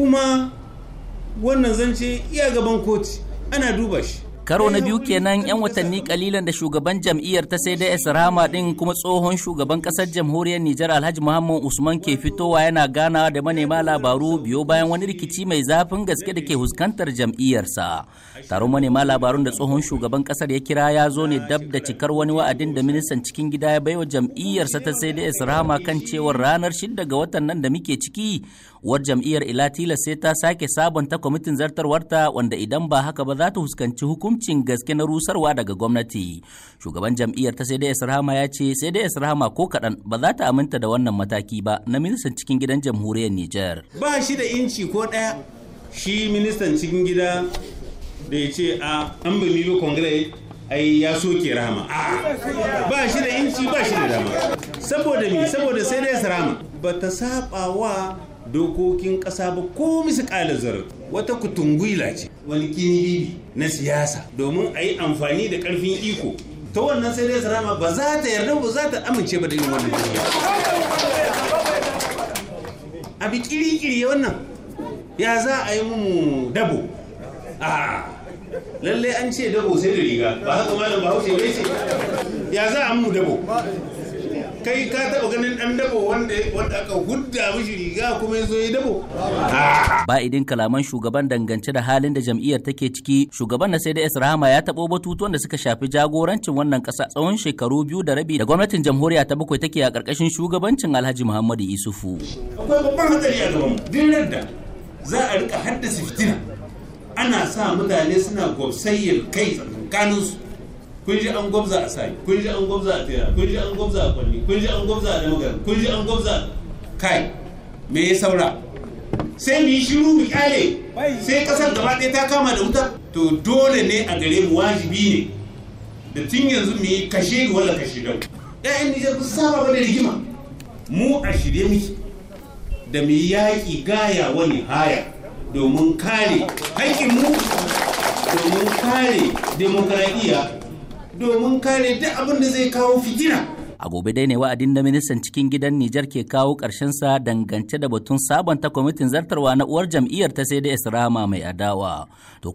kuma wannan zance iya gaban kotu ana duba shi karo na biyu kenan 'yan watanni kalilan da shugaban jam'iyyar ta sai dai rama din kuma tsohon shugaban kasar jamhuriyar nijar alhaji muhammad usman ke fitowa yana ganawa da manema labaru biyo bayan wani rikici mai zafin gaske da ke huskantar jam'iyyarsa taron manema labarun da tsohon shugaban kasar ya kira ya zo ne dab da cikar wani wa'adin da ministan cikin gida ya baiwa jam'iyyarsa ta sai dai rama kan cewar ranar shidda ga watan nan da muke ciki war jam'iyyar ilatila sai ta sake sabonta kwamitin zartarwarta wanda idan ba haka ba za ta huskanci hukunci muhimmancin gaske na rusarwa daga gwamnati shugaban jam'iyyar ta sai da ya ce sai da rahama ko kaɗan ba za ta aminta da wannan mataki ba na ministan cikin gidan jamhuriyar niger ba shi da inci ko ɗaya shi ministan cikin gida da ya ce a an believe congress ai ya soke a ah, ba shi da inci ba shi da dama saboda mi saboda sai dai sarama ba ta saba wa dokokin ƙasa ba ko misa ƙalar zarar wata kutungwila ce wani kini na siyasa domin a yi amfani da karfin iko ta wannan sai dai sarama ba za ta yarda ba za ta amince ba da yin wannan abi kiri-kiri wannan ya za a yi mu dabo a ah. lallai an ce dabo sai da riga ba haka malam bahaushe bai ce ya za a mu dabo kai ka taɓa ganin dan dabo wanda aka gudda mishi riga kuma ya yi dabo. Ah. Ba idin kalaman shugaban dangance da halin da jam'iyyar take ciki, shugaban na sai da Isra'ama ya tabo batutuwan da suka shafi jagorancin wannan kasa tsawon shekaru biyu da rabi da gwamnatin jamhuriya ta bakwai take a karkashin shugabancin Alhaji Muhammadu Isufu. Akwai babban hatsari a gaban duk da za a rika haddasa fitina ana sa mutane suna gwabsayyar kai tsakankanin su kun ji an gwabza a sai kun ji an gwabza a tera kun ji an gwabza a kwalli kun ji an gwabza a damagar kun ji an gwabza kai me ya saura sai mu yi shiru mu kyale sai kasar gaba ɗaya ta kama da wuta to dole ne a gare mu wajibi ne da tun yanzu mu yi kashe ni wala kashe dau ƴaƴan Nijar ku saba wani rigima mu a shirye muke da mu yi yaƙi gaya wani haya domin kare haƙƙinmu domin kare demokradiyya domin kare duk abin da zai kawo fitina. A gobe dai ne wa'adin da ministan cikin gidan Nijar ke kawo sa dangance da batun sabonta kwamitin zartarwa na uwar jam'iyyar ta sai da Isra'ama mai adawa. To